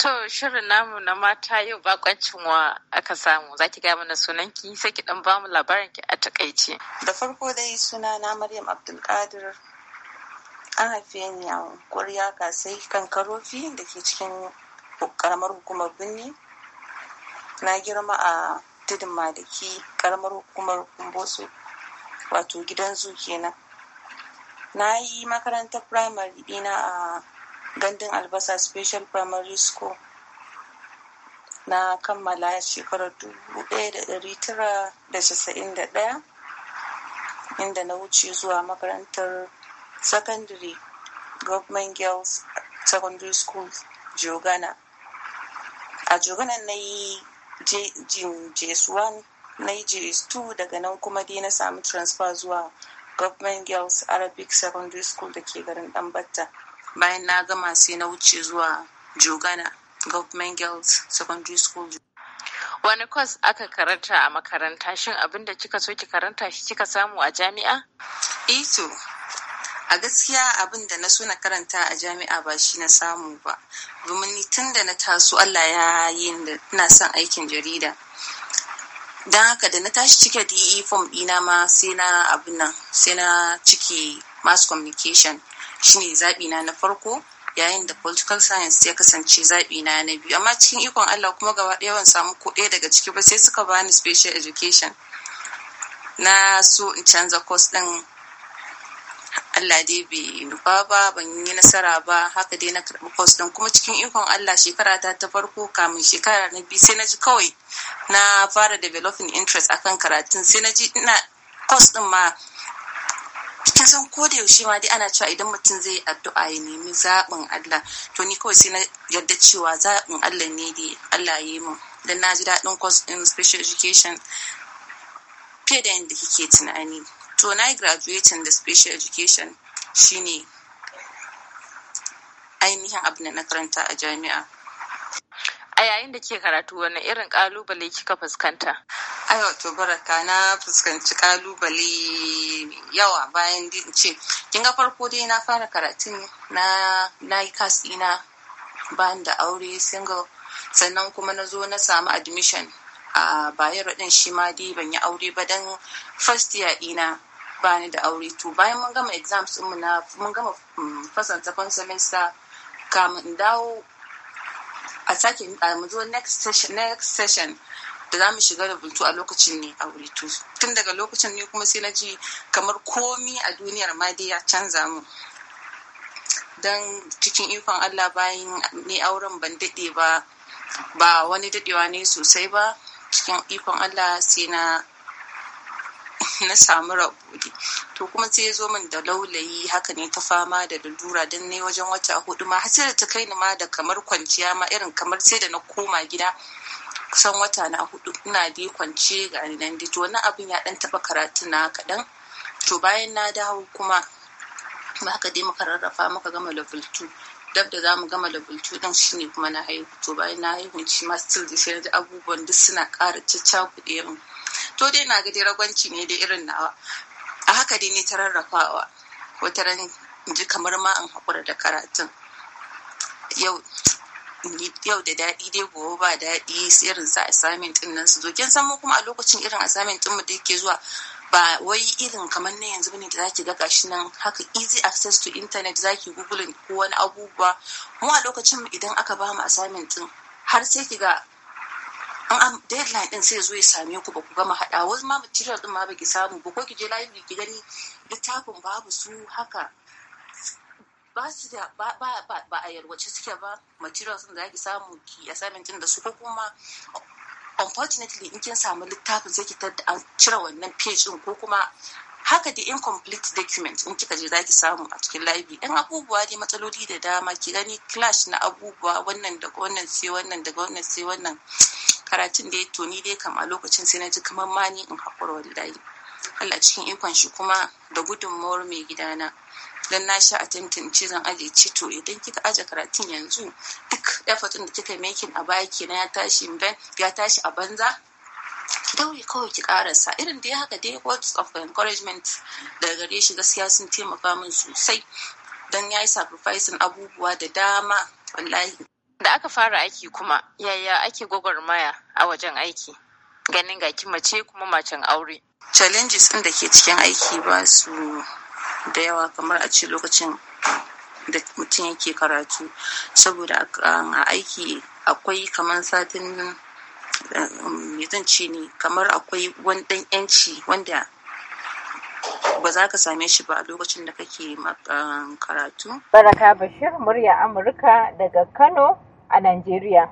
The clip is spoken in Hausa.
To shirin namu na mata yau bakwancin wa aka samu za ki gaya mana sunanki sai ki dan bamu labarin ki a takaice. Da farko dai suna na Maryam Abdulkadir an haife ni a Kuriya Kasai Kankarofi da ke cikin karamar hukumar Birni. Na girma a tudun Madaki karamar hukumar Kumboso wato gidan zu kenan. Na yi makarantar firamare dina a gandun albasa special primary school na kammala shekarar 1991 inda na wuce zuwa makarantar secondary government girls secondary school jogana a jogana na yi js1 na yi js2 daga nan kuma dai na samu transfer zuwa government girls arabic secondary school da ke garin danbatta bayan na gama sai na wuce zuwa jogana government girls secondary school wani kwas aka karanta a makaranta shin abinda kika so ki karanta shi kika samu a jami'a ito eh a gaskiya abin da na so na karanta a jami'a ba shi na samu ba domin tun da na taso allah ya yi da ina son aikin jarida don haka da na tashi cike de form ɗina ma sai na abin nan sai na ciki mass communication shine zaɓi na na farko yayin da political science ya kasance zaɓi na na biyu amma cikin ikon Allah kuma gaba ɗaya ban samu ko ɗaya daga ciki ba sai suka bani special education na so in canza course ɗin Allah dai bai nufa ba ban yi nasara ba haka dai na karɓi course ɗin kuma cikin ikon Allah shekara ta ta farko kamin shekara na biyu sai na ji kawai na fara developing interest akan karatun sai na ji ina course ɗin ma san ko da yaushe ma dai ana cewa idan mutum zai yi addu'a ya nemi zaɓin Allah to ni kawai sai na yarda cewa zaɓin Allah ne dai Allah ya yi min dan na ji daɗin course in special education fiye da yadda kike tunani to na yi graduating da special education shine ainihin abin da na karanta a jami'a a yayin da ke karatu wani irin kalubale kika fuskanta Ayo to baraka na fuskanci kalubale yawa bayan ce kin ga farko dai na fara karatun na na yi kas ina ban da aure single sannan kuma na zo na samu admission a bayero din shi ma dai ban yi aure ba dan first year ina bani da aure to bayan mun gama exams mu na mun gama mm, first second semester kamun dawo a sake mu zo next session next session da za mu shiga rubutu a lokacin ne wuri to tun daga lokacin ne kuma sai na ji kamar komi a duniyar ma dai ya canza mu don cikin ikon Allah bayan ne auren ban daɗe ba ba wani daɗewa ne sosai ba cikin ikon Allah sai na na samu rabudi to kuma sai ya zo min da laulayi haka ne ta fama da lalura don ne wajen wata hudu ma har da ta kai ni ma da kamar kwanciya ma irin kamar sai da na koma gida kusan wata na hudu ina dai kwance ga nan dai to wani abin ya dan taba karatu na kadan to bayan na dawo kuma haka dai maka rarrafa maka gama level 2 dab da za gama level 2 din shine kuma na haihu to bayan na haihu shi ma still da sai da abubuwan duk suna ƙara da min to dai na ga dai ragwanci ne da irin nawa a haka dai ne ta rarrafawa wata ran ji kamar ma an haƙura da karatun yau yau da daɗi dai gobe ba daɗi irin sa assignment din nan su zo kin san mu kuma a lokacin irin assignment din mu da yake zuwa ba wai irin kamar na yanzu bane da zaki ga gashi nan haka easy access to internet zaki google ko wani abubuwa mu a lokacin idan aka ba mu assignment din har sai ki ga an deadline din sai zo ya same ku ba ku gama haɗa wasu ma material din ma baki samu ba ko ki je library ki gani littafin babu su haka ba su da ba ba ba a suke ba materials da ake samu ki assignment din da su ko kuma unfortunately in kin samu littafin sai ki tadda an cire wannan page din ko kuma haka da incomplete document in kika je zaki samu a cikin library Yan abubuwa ne matsaloli da dama ki gani clash na abubuwa wannan da wannan sai wannan daga wannan sai wannan karatun da ya toni dai kam a lokacin sai na ji kamar mani in haƙura wallahi Allah cikin ikon shi kuma da gudunmawar mai gidana dan na sha attempting ce zan aje cito, idan kika aje karatun yanzu duk effort da kika making a baya kenan ya tashi ya tashi a banza ki kawai ki karasa irin da ya haka dai words of encouragement da gare shi gaskiya sun taimaka min sosai don ya yi sacrificing abubuwa da dama wallahi da aka fara aiki kuma yaya ake gwagwarmaya a wajen aiki ganin ga mace kuma macen aure challenges ɗin da ke cikin aiki ba su da yawa kamar a ce lokacin da mutum yake karatu saboda um, a aiki akwai kamar satin um, zan ne kamar akwai wani yanci wanda ba za ka same shi ba a lokacin da kake um, karatu. Baraka Bashir murya Amurka daga Kano a Najeriya.